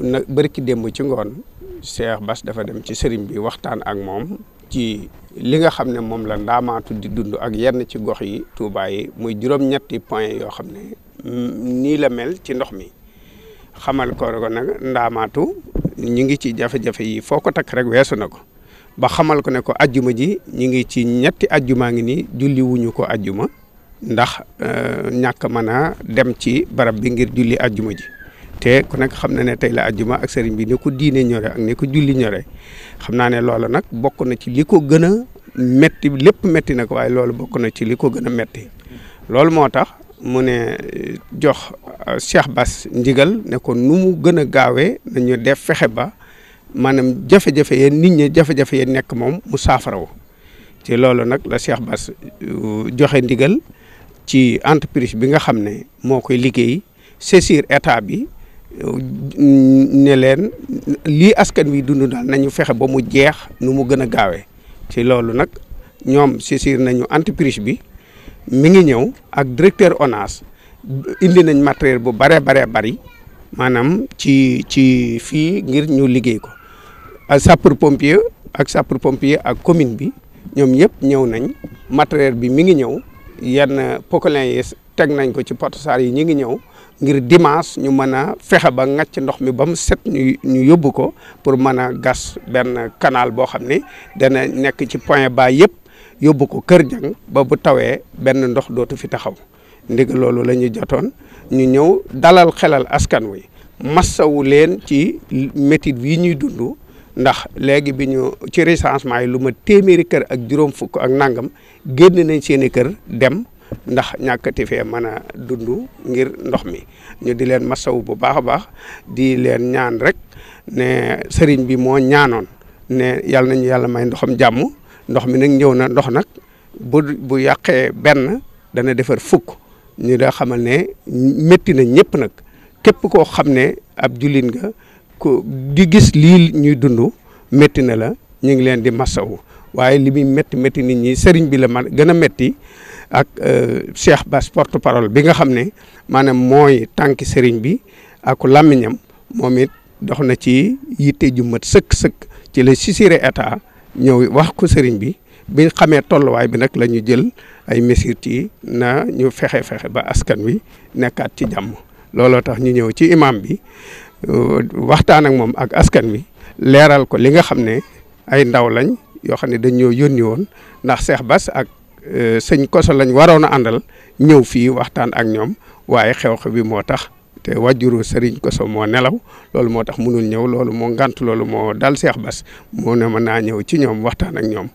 nag bërki démb ci ngoon Cheikh Bass dafa dem ci sëriñ bi waxtaan ak moom ci li nga xam ne moom la ndaamaatu di dund ak yenn ci gox yi Touba yi muy juróom-ñetti point yoo xam ne nii la mel ci ndox mi xamal ko ko ndaamaatu ñu ngi ci jafe yi foo ko takk rek weesu na ko ba xamal ko ne ko ajjuma ji ñu ngi ci ñetti ajjumaa ngi nii julli wuñu ko ajjuma ndax euh, ñàkk mën a dem ci barab bi ngir julli ajjuma ji te ku nekk xam na ne tey la ajjuma ak sëriñ bi ni ko diine ñore ak ni ko julli ñore xam naa ne loolu nag bokk na ci li ko gën a metti lépp metti nag waaye loolu bokk na ci li ko gën a metti loolu moo tax mu ne jox euh, Cheikh bas njigal ne ko nu mu gën a gaawee nañu def fexe ba maanaam jafe ñi jafe-jafe nekk moom mu saafarawo ci loolu nag la Cheikh Bass euh, joxe ndigal ci entreprise bi nga xam ne moo koy liggéey saisir état bi ne leen lii askan wi dund daal nañu fexe ba mu jeex nu mu gën a gaawee ci loolu nag ñoom saisir nañu entreprise bi mi ngi ñëw ak directeur ONAS indi nañ matériel bu bare bare bari maanaam ci ci fii ngir ñu liggéey ko sapeur pompier ak sapeur pompier ak commune bi ñoom yëpp ñëw nañ matériel bi mi ngi ñëw yenn pocalin yi teg nañ ko ci potosaar yi ñu ngi ñëw ngir dimanche ñu mën a fexe ba ngàcc ndox mi ba mu set ñu yóbbu ko pour mën a gas benn canal boo xam ne dana nekk ci point baa yëpp yóbbu ko Kër Jàng ba bu tawee benn ndox dootu fi taxaw ndig loolu la ñu jotoon ñu ñëw dalal xelal askan wi massawu leen ci métit yi ñuy dund ndax léegi bi ñu ci recensement yi lu ma téeméeri kër ak juróom fukk ak nangam génn nañ seen i kër dem ndax ñàkkati fee mën a dund ngir ndox mi ñu di leen masawu bu baax a baax di leen ñaan rek ne sëriñ bi moo ñaanoon ne yàlla nañu yàlla may ndoxam jàmm ndox mi nag ñëw na ndox nag bu yàqee benn dana defar fukk ñu da xamal ne métti na ñëpp nag képp koo xam ne ab jullit ga ko di gis lii ñuy dund métti na la ñu ngi leen di masawu waaye li muy métti métti nit ñi sëriñ bi la man gën a métti ak euh, Cheikh Bass porte parole bi nga xam ne maanaam mooy tànki sëriñ bi ak làmmiñam moom it dox na ci yitte jumat sëkk-sëkk ci la sisiré état ñëw wax ko sëriñ bi bi xamee tolluwaay bi nag la ñu jël ay mesures ci na ñu fexe fexe ba askan wi nekkaat ci jàmm looloo tax ñu ñëw ci imam bi euh, waxtaan ak moom ak askan wi leeral ko li nga xam ne ay ndaw lañ yoo xam ne dañ ñoo yónni woon ndax Cheikh Bass ak. Euh, sëñ Koso lañ waroon a àndal ñëw fii waxtaan ak ñoom waaye xew-xew bi moo tax te wajuru seriñ Koso moo nelaw loolu moo tax munul ñëw loolu moo ngant loolu moo dal Seex Bas moo ne mën naa ñëw ci ñoom waxtaan ak ñoom